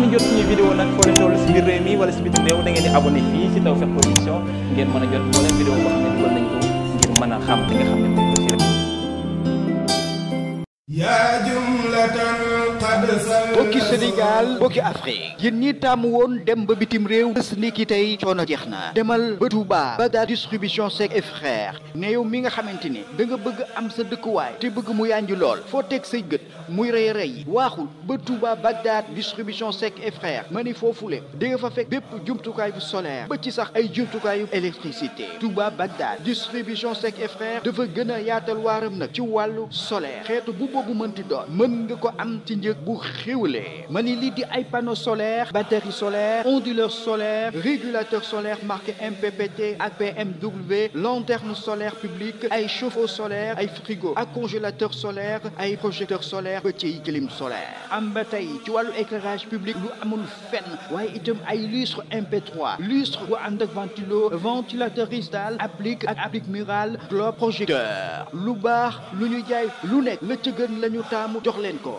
ngeen jot suñu vidéo nag foo leen toll si biir réew wala si biti réew da ngeen di abonné fii si Tawfekh Production ngeen mën a jot moo leen vidéo xam ne dugal nañ ko ngir mën a xam nga xam bokki Sénégal bokki Afrique yéen ñi tàmm woon dem ba bitim réew bés ni ki tey coono jeex na demal ba Touba Bagdad distribution Seck et frère ne yow mi nga xamante ni da nga bëgg am sa dëkkuwaay te bëgg mu yànj lool foo teg say gët muy rey rey yi waaxul ba Touba Bagdad distribution Seck et frère ma ni foofule di nga fa fekk bépp jumtukaay bu solaire ba ci sax ay jumtukaayu électricité Touba Bagdad distribution Seck et frère dafa gën a yaatal waaram nag ci wàllu solaire xeetu bu boobu bu xéwlee ma ni lii di ay panneau solaire batterie solaire onduleur solaire régulateur solaire marqué MPPT APMW lanterne solaire publique ay chauffe-eau solaire ay frigo ak congélateur solaire ay projecteur solaire petit clim solaire am ba tey ci wàllu éclairage public lu amul fenn waaye itam ay lustre MP3 lustre bu ànd ak ventilo ventilateur cristal applique ak applique murale globe projecteur lu baax lu ñu jaay lu nekk la ca gën la ñu taamu jox leen ko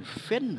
amul fenn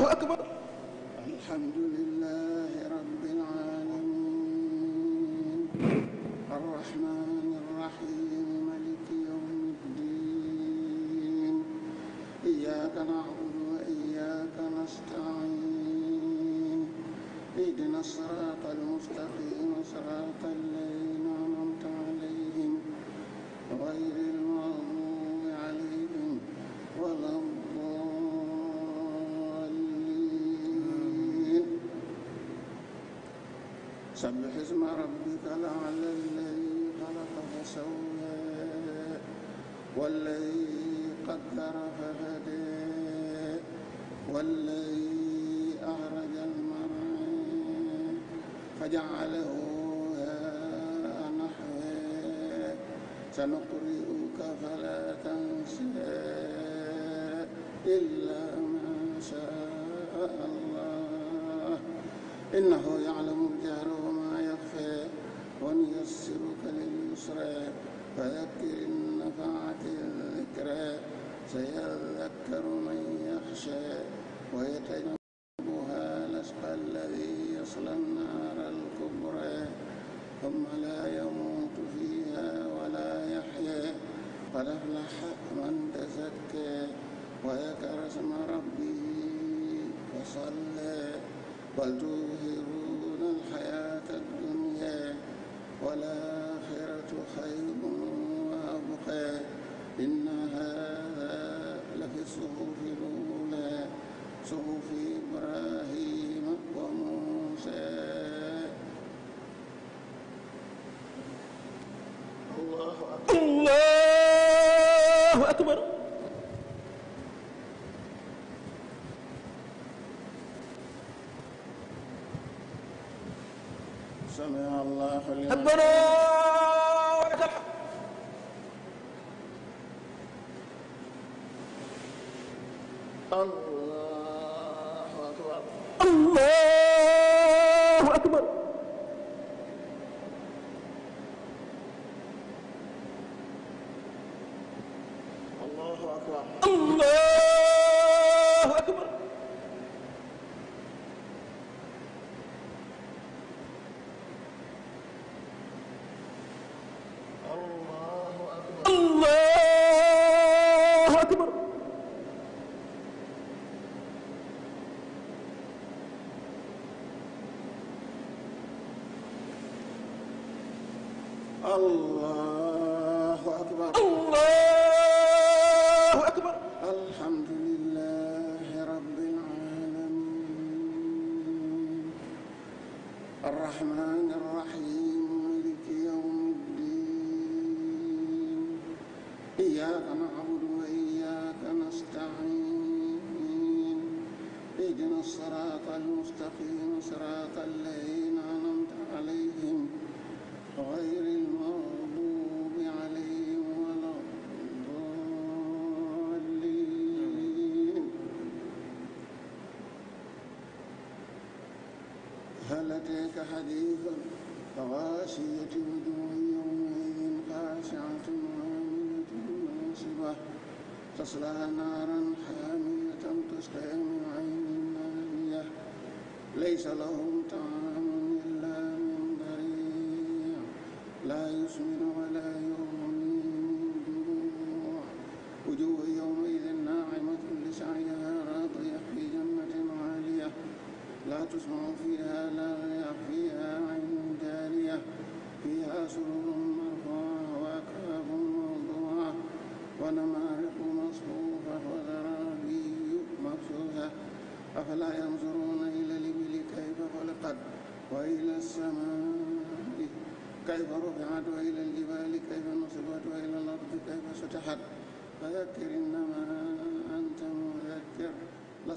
allahu akbar alhamdulilah rabbil alamin arrahman arrahim maliki yawmi ddin iyyaka na'budu wa iyyaka nasta'in ihdina sirata almustaqim sirata alladhina an'amta alayhim سبح اسم ربك الأعلى الذي خلق فسوى والذي قدر فهدى والذي أخرج المرعى فجعله نحوا سنقرئك فلا تنسى إلا ما شاء الله إنه يعلم الجهر ونيسرك لليسرى فذكر النفعة الذكرى سيذكر من يخشى ويتجنبها الأشقى الذي يصلى النار الكبرى ثم لا يموت فيها ولا يحيا قد أفلح من تزكى وذكر اسم ربه وصلى بل تؤثرون الحياة والآخرة خير وأبقى إن هذا لفي الصحف الأولى صحف إبراهيم وموسى الله أكبر الله أكبر الله أكبر الله أكبر أتاك حديث الغاشية وجوه يومئذ خاشعة عاملة ناصبة تصلى نارا حامية تسقى من عين نانية ليس لهم طعام إلا من ضريع لا يسمن ولا يغني من جوع وجوه يومئذ ناعمة لسعيها راضية في جنة عالية لا تسمع فيها لا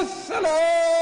asalaamaaleykum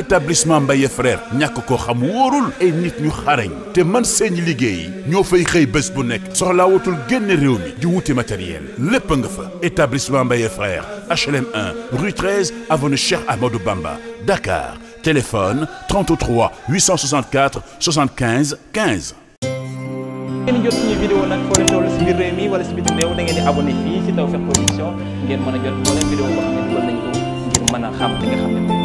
établissement Mbaye frère ñàkk ko xam wóorul ay nit ñu xarañ te man seeni liggéey ñoo fay xëy bés bu nekk soxlaa wutul génn réew mi di wuti matériel lépp nga fa établissement Mbaye frère HLM 1 rue 13 avenue Cheikh Amadou Bamba Dakar téléphone 33 864 75 15. ngeen jot suñu vidéo nag foo leen toll si biir réew mi wala si biti réew da ngeen di abonné fii si Tawfekh Production ngeen mën a jot moo leen vidéo boo xam ne dugal nañ ko ngir